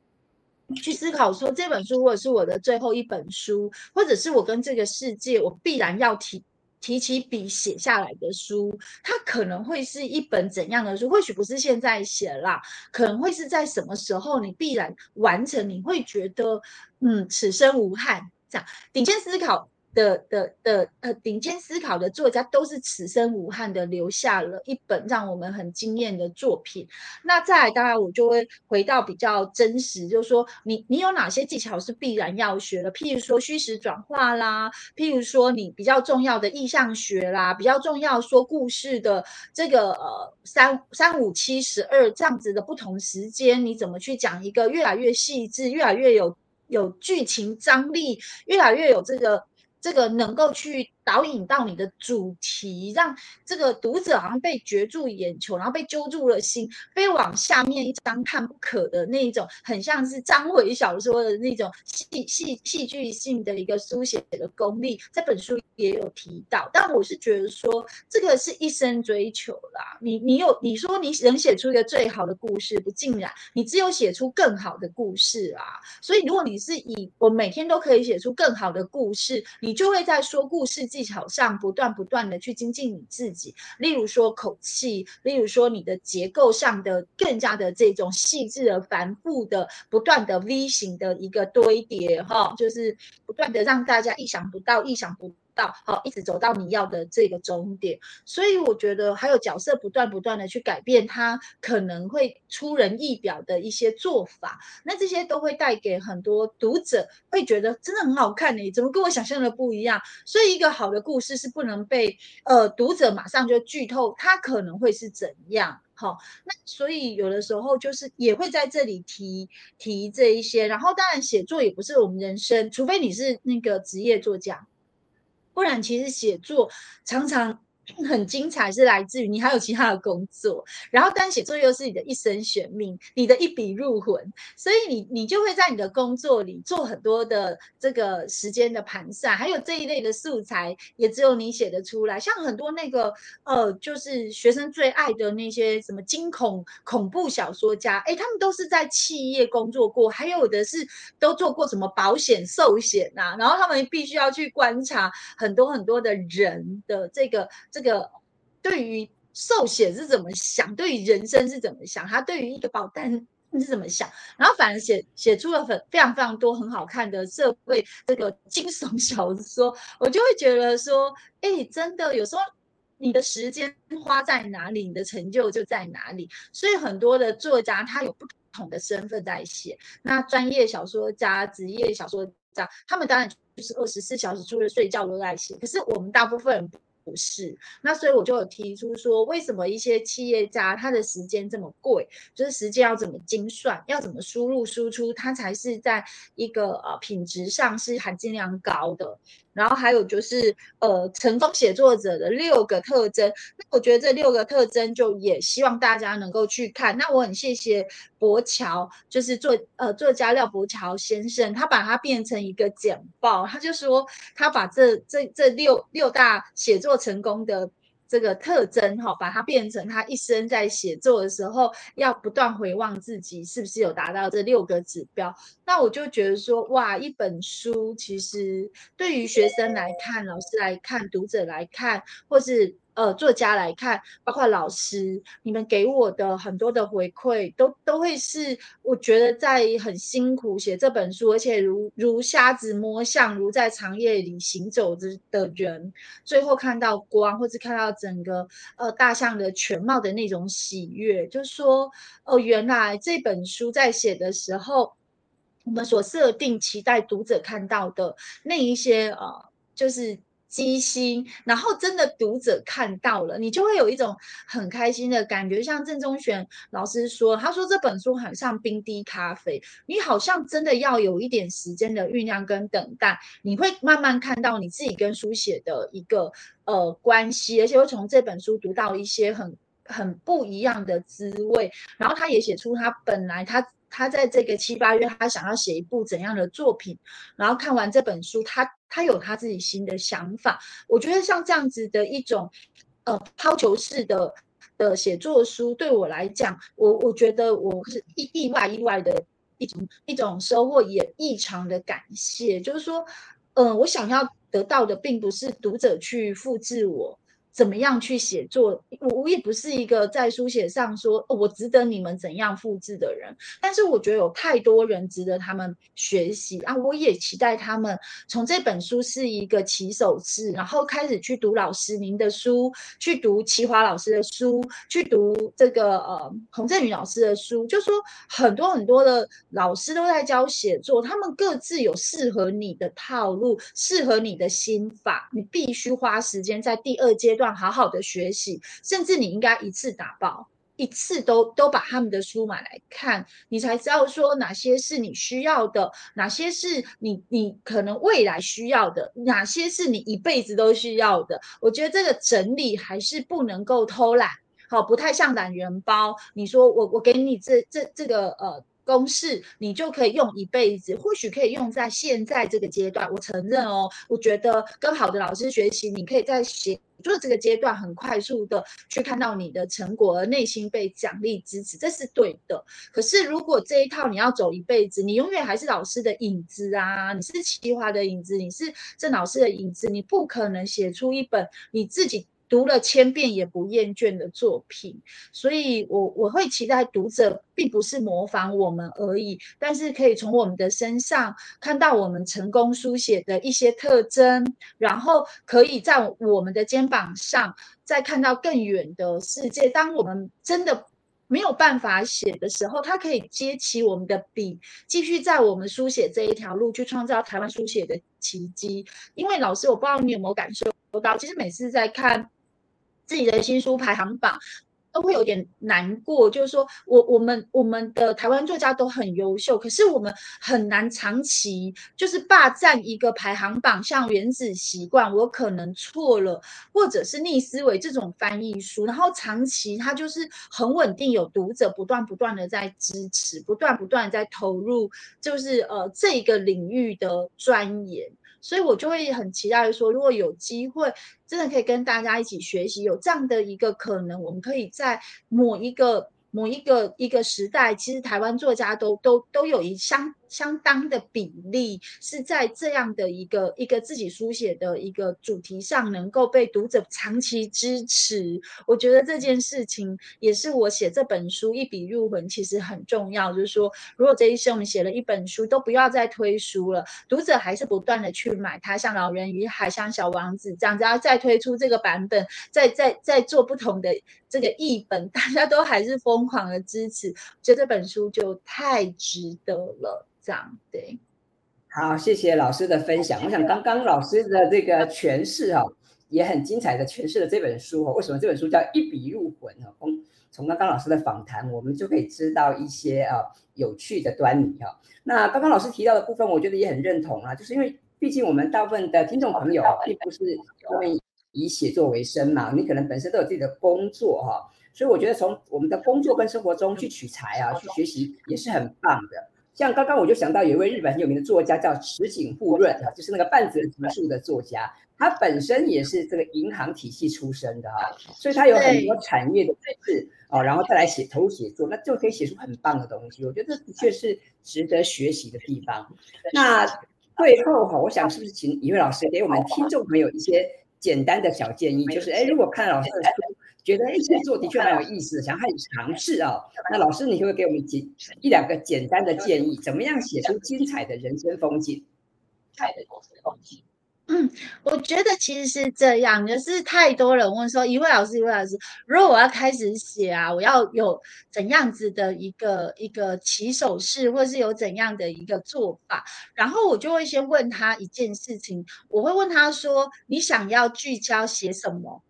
去思考說，這本書，或者是我的最後一本書，或者是我跟這個世界我必然要提提起筆寫下來的書，它可能會是一本怎樣的書？或許不是現在寫啦，可能會是在什麼時候你必然完成，你會覺得嗯，此生無憾。這樣，頂尖思考。的的的呃，頂尖思考的作家都是此生無憾的，留下了一本讓我們很驚豔的作品。那再來，當然我就會回到比較真實，就是說你你有哪些技巧是必然要學的？譬如說虛實轉化啦，譬如說你比較重要的意象學啦，比較重要說故事的這個呃三三五七十二這樣子的不同時間，你怎麼去講一個越來越細緻、越來越有有劇情張力、越來越有這個。這個能夠去。導引到你的主題，讓這個讀者好像被攫住眼球，然後被揪住了心，非往下面一張看不可的那一種，很像是章回小說的那種戲戲戲劇性的一個書寫的功力，這本書也有提到。但我是覺得說，這個是一生追求啦。你你有你說你能寫出一個最好的故事，不盡然，你只有寫出更好的故事啊。所以如果你是以我每天都可以寫出更好的故事，你就會在說故事。技巧上不斷不斷的去精進你自己，例如說口氣，例如說你的結構上的更加的這種細緻的繁複的不斷的 V 型的一個堆疊哈，就是不斷的讓大家意想不到、意想不到。到好，一直走到你要的這個終點，所以我覺得還有角色不斷不斷的去改變，他可能會出人意表的一些做法，那這些都會帶給很多讀者會覺得真的很好看誒、欸，怎麼跟我想象的不一樣？所以一個好的故事是不能被呃讀者馬上就劇透，他可能會是怎樣？好、哦，那所以有的時候就是也會在這裡提提這一些，然後當然寫作也不是我們人生，除非你是那個職業作家。不然，其實寫作常常很精彩，是來自於你還有其他的工作，然後但寫作又是你的一生懸命，你的一筆入魂，所以你你就會在你的工作裡做很多的這個時間的盤算，還有這一類的素材也只有你寫得出來。像很多那個呃，就是學生最愛的那些什麼驚恐恐怖小說家，哎、欸，他們都是在企業工作過，還有的是都做過什麼保險、壽險啊，然後他們必須要去觀察很多很多的人的這個這。這個對於壽險是怎麼想？對於人生是怎麼想？他對於一個保單是怎麼想？然後反而寫寫出了很非常非常多很好看的社會這個驚悚小說。我就會覺得說，誒，真的，有時候你的時間花在哪裡，你的成就就在哪裡。所以很多的作家他有不同的身份在寫，那專業小說家、職業小說家，他們當然就是二十四小時除了睡覺都在寫。可是我們大部分人。不是，那所以我就有提出說，為什麼一些企業家他的時間這麼貴？就是時間要怎麼精算，要怎麼輸入輸出，他才是在一個呃品質上是含金量高的。然後還有就是，呃，成功寫作者的六個特徵。那我覺得這六個特徵，就也希望大家能夠去看。那我很謝謝伯喬，就是作呃作家廖伯喬先生，他把它變成一個簡報，他就說他把這這這六六大寫作成功的。這個特徵哈，把它變成他一生在寫作的時候，要不斷回望自己是不是有達到這六個指標。那我就覺得說，哇，一本書其實對於學生來看，老師來看，讀者來看，或是呃，作家來看，包括老師，你們給我的很多的回饋，都都會是我覺得在很辛苦寫這本書，而且如如瞎子摸象，如在長夜裡行走着的人，最後看到光，或是看到整個呃大象的全貌的那種喜悅，就是說，哦、呃，原來這本書在寫的時候，我們所設定期待讀者看到的那一些呃，就是。機心，然後真的讀者看到了，你就會有一種很開心的感覺。像鄭宗弦老師說，他說這本書很像冰滴咖啡，你好像真的要有一點時間的醞釀跟等待，你會慢慢看到你自己跟書寫的一個呃關係，而且會從這本書讀到一些很很不一樣的滋味。然後他也寫出他本來他他在這個七八月他想要寫一部怎樣的作品，然後看完這本書他。他有他自己新的想法，我覺得像這樣子的一種，呃，拋球式的的寫作書，對我來講，我我覺得我是意意外意外的一種一種收穫，也異常的感謝。就是說，嗯、呃，我想要得到的，並不是讀者去複製我。怎麼樣去寫作？我我也不是一個在書寫上說，哦，我值得你們怎樣複製的人，但是我覺得有太多人值得他們學習啊！我也期待他們從這本書是一個起手式，然後開始去讀老師您的書，去讀齊華老師的書，去讀這個呃洪振宇老師的書。就說很多很多的老師都在教寫作，他們各自有適合你的套路，適合你的心法，你必須花時間在第二階段。好好的學習，甚至你應該一次打包，一次都都把他們的書買來看，你才知道說哪些是你需要的，哪些是你你可能未來需要的，哪些是你一輩子都需要的。我覺得這個整理還是不能夠偷懶，好、哦，不太像懶人包。你說我我給你這這這個呃。公式你就可以用一輩子，或許可以用在現在這個階段。我承認哦，我覺得跟好的老師學習，你可以在寫作這個階段很快速的去看到你的成果，而內心被獎勵支持，這是對的。可是如果這一套你要走一輩子，你永遠還是老師的影子啊，你是齊華的影子，你是鄭老師的影子，你不可能寫出一本你自己讀了千遍也不厭倦的作品，所以我我會期待讀者並不是模仿我們而已，但是可以從我們的身上看到我們成功書寫的一些特徵，然後可以在我們的肩膀上再看到更遠的世界。當我們真的沒有辦法寫的時候，他可以接起我們的筆，繼續在我們書寫這一條路去創造台灣書寫的奇蹟。因為老師，我不知道你有沒有感受到，其實每次在看。自己的新書排行榜都會有點難過，就是說我我們我們的台灣作家都很優秀，可是我們很難長期就是霸占一個排行榜。像《原子習慣》，我可能錯了，或者是《逆思維》這種翻譯書，然後長期它就是很穩定，有讀者不斷不斷的在支持，不斷不斷的在投入，就是呃這一個領域的鑽研。所以，我就會很期待說，如果有機會，真的可以跟大家一起學習，有這樣的一個可能，我們可以在某一個、某一個、一個時代，其實台灣作家都、都、都有一相。相當的比例是在這樣的一個一個自己書寫的一個主題上，能夠被讀者長期支持。我覺得這件事情也是我寫這本書一筆入魂，其實很重要。就是說，如果這一生我們寫了一本書，都不要再推書了，讀者還是不斷的去買它，像《老人與海》、像《小王子》這樣，只要再推出這個版本，再再再做不同的這個譯本，大家都還是瘋狂的支持，我覺得這本書就太值得了。對，好，謝謝老師的分享。我想剛剛老師的這個詮釋哈、哦，也很精彩的詮釋了這本書、哦。為什麼這本書叫一筆入魂啊？從、哦、從剛剛老師的訪談，我們就可以知道一些啊、哦、有趣的端倪哈、哦。那剛剛老師提到的部分，我覺得也很認同啊。就是因為畢竟我們大部分的聽眾朋友並不是因為以寫作為生嘛，你可能本身都有自己的工作哈、哦，所以我覺得從我們的工作跟生活中去取材啊，去學習也是很棒的。像剛剛我就想到有一位日本很有名的作家叫池井戶潤啊，就是那個半澤直樹的作家，他本身也是這個銀行體系出身的哈，所以他有很多產業的配置啊，然後再來寫投寫作，那就可以寫出很棒的東西。我覺得這的確是值得學習的地方。那最後哈，我想是不是請怡慧老師給我們聽眾朋友一些簡單的小建議，就是哎，如果看老師的書。覺得誒，這做的確蠻有意思對想要很有嘗試啊。對那老師，你就會，會給我們幾，一兩個簡單的建議，對怎麼樣寫出精彩的人生風景？風景。嗯，我覺得其實是這樣，就是太多人問說，一位老師一位老師，如果我要開始寫啊，我要有怎樣子的一個一個起手式，或是有怎樣的一個做法？然後我就會先問他一件事情，我會問他說，你想要聚焦寫什麼？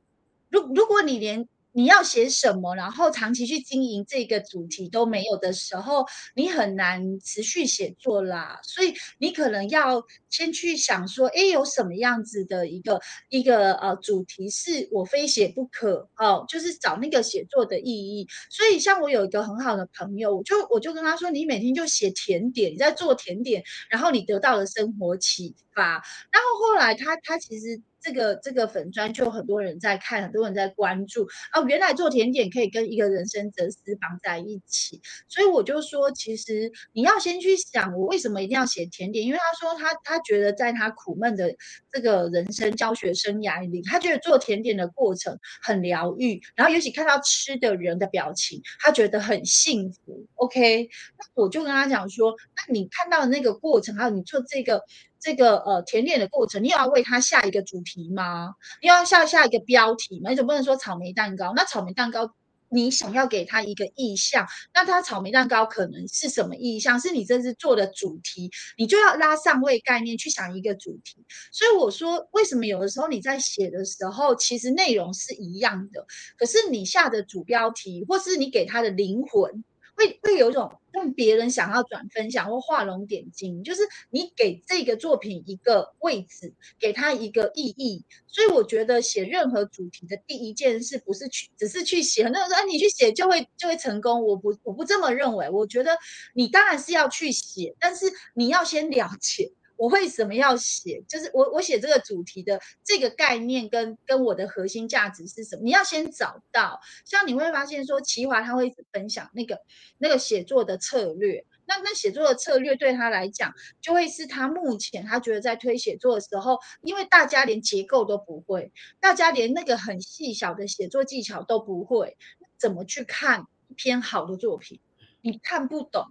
如如果你連你要寫什麼，然後長期去經營這個主題都沒有的時候，你很難持續寫作啦。所以你可能要先去想說，誒，有什麼樣子的一個一個呃主題是我非寫不可哦，呃，就是找那個寫作的意義。所以像我有一個很好的朋友，我就我就跟他說，你每天就寫甜點，你在做甜點，然後你得到了生活啟發。然後後來他他其實。這個這個粉專，就很多人在看，很多人在關注啊。哦，原來做甜點可以跟一個人生哲思綁在一起，所以我就說，其實你要先去想，我為什麼一定要寫甜點？因為他說他他覺得在他苦悶的這個人生教學生涯裡，他覺得做甜點的過程很療癒，然後尤其看到吃的人的表情，他覺得很幸福。OK，那我就跟他講說，那你看到的那個過程，還有你做這個。這個呃甜點的過程，你要為他下一個主題嗎？你要下下一個標題嗎？你總不能說草莓蛋糕？那草莓蛋糕，你想要給他一個意象，那他草莓蛋糕可能是什麼意象？是你這次做的主題，你就要拉上位概念去想一個主題。所以我說，為什麼有的時候你在寫的時候，其實內容是一樣的，可是你下的主標題，或是你給他的靈魂。會會有一種讓別人想要轉分享或畫龍點睛，就是你給這個作品一個位置，給他一個意義。所以我覺得寫任何主題的第一件事不是去，只是去寫。很多人說，哎、啊，你去寫就會就會成功。我不我不這麼認為。我覺得你當然是要去寫，但是你要先了解。我為什麼要寫？就是我我寫這個主題的這個概念跟跟我的核心價值是什麼？你要先找到。像你會發現說，齊華他會一直分享那個那個寫作的策略。那那寫作的策略對他來講，就會是他目前他覺得在推寫作的時候，因為大家連結構都不會，大家連那個很細小的寫作技巧都不會，怎麼去看一篇好的作品？你看不懂。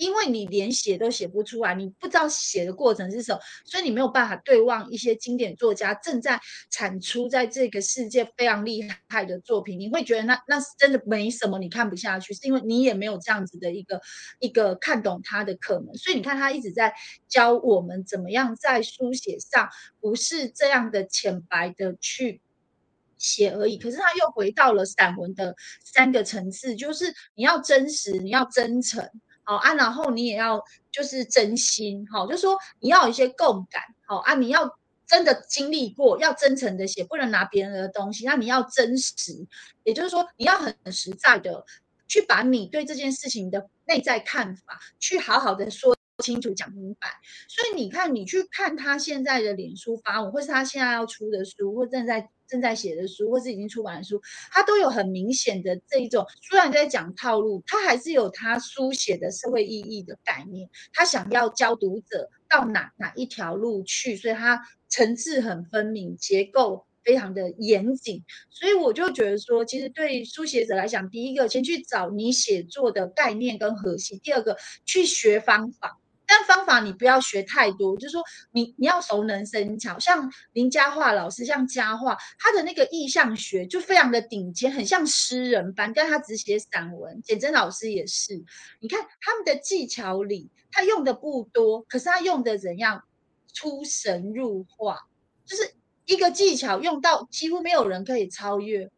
因為你連寫都寫不出來，你不知道寫的過程是什麼，所以你沒有辦法對望一些經典作家正在產出在這個世界非常厲害的作品。你會覺得那那是真的沒什麼，你看不下去，是因為你也沒有這樣子的一個一個看懂他的可能。所以你看他一直在教我們怎麼樣在書寫上不是這樣的淺白的去寫而已。可是他又回到了散文的三個層次，就是你要真實，你要真誠。哦、啊，然後你也要就是真心，好、哦，就是，說你要有一些共感，好、哦、啊，你要真的經歷過，要真誠的寫，不能拿別人的東西，那、啊、你要真實，也就是說你要很實在的去把你對這件事情的內在看法，去好好的說清楚，講明白。所以你看，你去看他現在的臉書發文，或是他現在要出的書，或正在。正在寫的書，或是已經出版的書，它都有很明顯的這一種，雖然在講套路，它還是有它書寫的社會意義的概念，它想要教讀者到哪哪一條路去，所以它層次很分明，結構非常的嚴謹，所以我就覺得說，其實對書寫者來講，第一個先去找你寫作的概念跟核心，第二個去學方法。但方法你不要學太多，就是說你你要熟能生巧。像林佳樺老師，像佳樺，他的那個意象學就非常的頂尖，很像詩人般，但他只寫散文。簡媜老師也是，你看他們的技巧裡，他用的不多，可是他用的怎樣出神入化，就是一個技巧用到幾乎沒有人可以超越。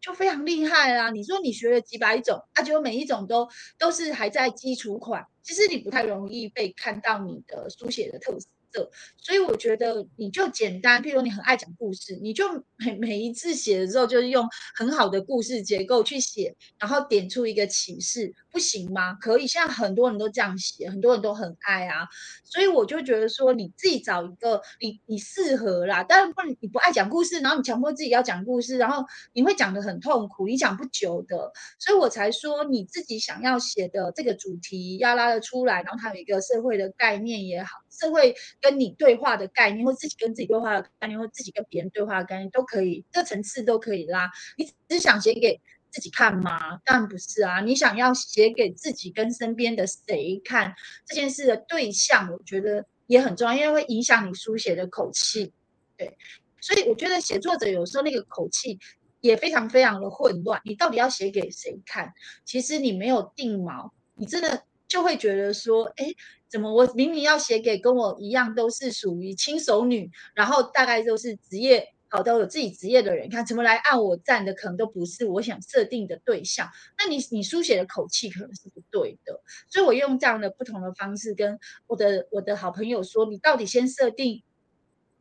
就非常厲害啦，啊！你說你學了幾百種，啊，結果每一種都都是還在基礎款，其實你不太容易被看到你的書寫的特色。的，所以我覺得你就簡單，譬如，你很愛講故事，你就每每一次寫的時候，就是用很好的故事結構去寫，然後點出一個啟示，不行嗎？可以，現在很多人都這樣寫，很多人都很愛啊。所以我就覺得說，你自己找一個你你適合啦。當然，不你不愛講故事，然後你強迫自己要講故事，然後你會講得很痛苦，你講不久的。所以我才說，你自己想要寫的這個主題要拉得出來，然後它有一個社會的概念也好。是會跟你對話的概念，或自己跟自己對話的概念，或自己跟別人對話的概念，都可以，各層次都可以啦。你只是想寫給自己看嗎？當然不是啊，你想要寫給自己跟身邊的誰看這件事的對象，我覺得也很重要，因為會影響你書寫的口氣。對，所以我覺得寫作者有時候那個口氣也非常非常的混亂。你到底要寫給誰看？其實你沒有定錨，你真的。就會覺得說，哎，怎麼我明明要寫給跟我一樣都是屬於輕熟女，然後大概都是職業，好，到有自己職業的人看，怎麼來按我讚的可能都不是我想設定的對象？那你你書寫的口氣可能是不對的，所以我用這樣的不同的方式跟我的我的好朋友說，你到底先設定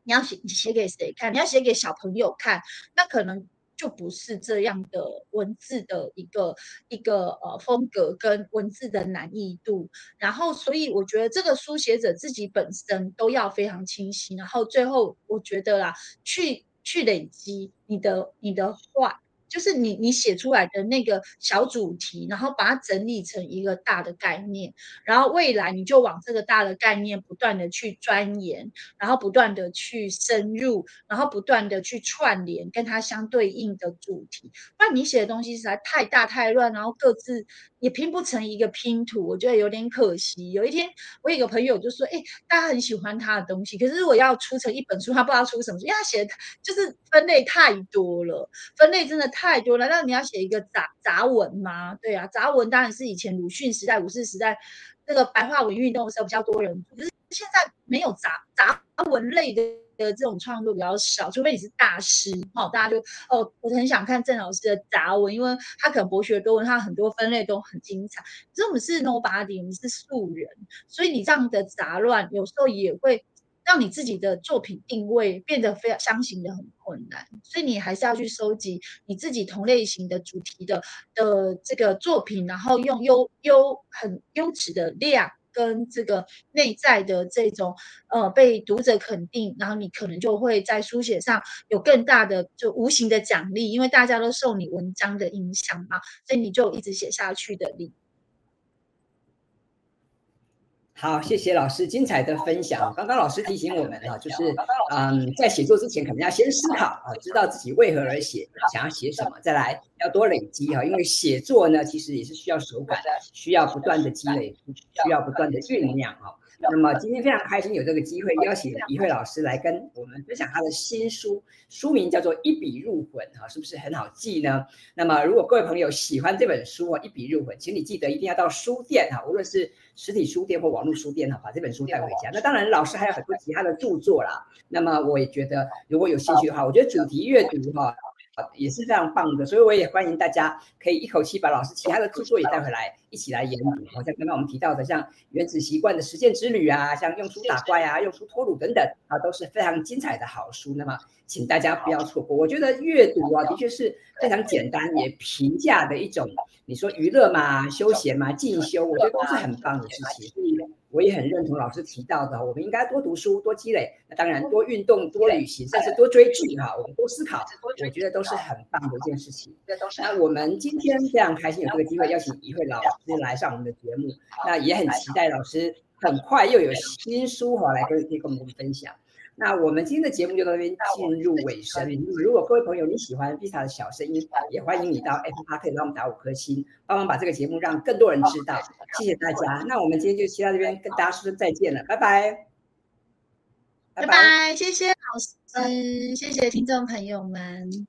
你要寫，你寫給誰看？你要寫給小朋友看，那可能。就不是這樣的文字的一個一個呃風格跟文字的難易度，然後所以我覺得這個書寫者自己本身都要非常清晰，然後最後我覺得啦，去去累積你的你的話。就是你你寫出來的那個小主題，然後把它整理成一個大的概念，然後未來你就往這個大的概念不斷的去鑽研，然後不斷的去深入，然後不斷的去串聯，去串聯跟它相對應的主題。不然你寫的東西實在太大太亂，然後各自也拼不成一個拼圖，我覺得有點可惜。有一天我有一個朋友就說：“欸，大家很喜歡他的東西，可是如果要出成一本書，他不知道出什麼書，因為他寫的就是分類太多了，分類真的太。”太多了，那你要寫一個雜雜文嗎？對啊，雜文當然是以前魯迅時代、五四時代那個白話文運動的時候比較多人，可是現在沒有雜雜文類的的這種創作比較少，除非你是大師哦，大家就哦，我很想看鄭老師的雜文，因為他可能博學多聞，他很多分類都很精彩。可是我們是 nobody，我們是素人，所以你這樣的雜亂有時候也會。讓你自己的作品定位變得非常相形的很困難，所以你還是要去收集你自己同類型的主題的的這個作品，然後用優優，優很優質的量跟這個內在的這種呃被讀者肯定，然後你可能就會在書寫上有更大的就無形的獎勵，因為大家都受你文章的影響嘛，所以你就一直寫下去的理。好，謝謝老師精彩的分享。剛剛老師提醒我們啊，就是嗯，在寫作之前可能要先思考啊，知道自己為何而寫，想要寫什麼，再來要多累積哈、啊，因為寫作呢，其實也是需要手感的，需要不斷的積累，需要不斷的醞釀。那麼今天非常開心有這個機會邀請怡慧老師來跟我們分享他的新書，書名叫做《一筆入魂》哈、啊，是不是很好記呢？那麼如果各位朋友喜歡這本書啊，《一筆入魂》，請你記得一定要到書店哈、啊，無論是實體書店或網絡書店哈、啊，把這本書帶回家。那當然，老師還有很多其他的著作啦。那麼我也覺得，如果有興趣的話，我覺得主題閱讀哈、啊。嗯嗯嗯嗯嗯也是非常棒的，所以我也歡迎大家可以一口氣把老師其他的著作也帶回來，一起來研讀。好像剛剛我們提到的，像《原子習慣》的實踐之旅啊，像《用書打怪》啊，《用書脫魯》等等啊，都是非常精彩的好書。那麼，請大家不要錯過。我覺得閱讀啊，的確是非常簡單也平價的一種，你說娛樂嘛、休閒嘛、進修，我覺得都是很棒的事情。我也很認同老師提到的，我們應該多讀書、多積累。那當然，多運動、多旅行，甚至多追劇哈，我們多思考，我覺得都是很棒的一件事情。那我們今天非常開心有這個機會邀請怡慧老師來上我們的節目，那也很期待老師很快又有新書哈來跟可以跟我們分享。那我們今天的節目就到這邊進入尾聲。如果各位朋友你喜歡 B 站的小聲音，也歡迎你到 FPA 可以幫我們打五顆星，幫忙把這個節目讓更多人知道。哦、謝謝大家，哦、那我們今天就先到這邊跟大家說，說再見了，哦、拜拜，拜拜，謝謝老師，嗯，謝謝聽眾朋友們。